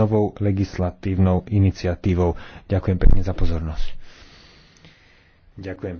novou legislatívnou iniciatívou. Ďakujem pekne za pozornosť. Ďakujem.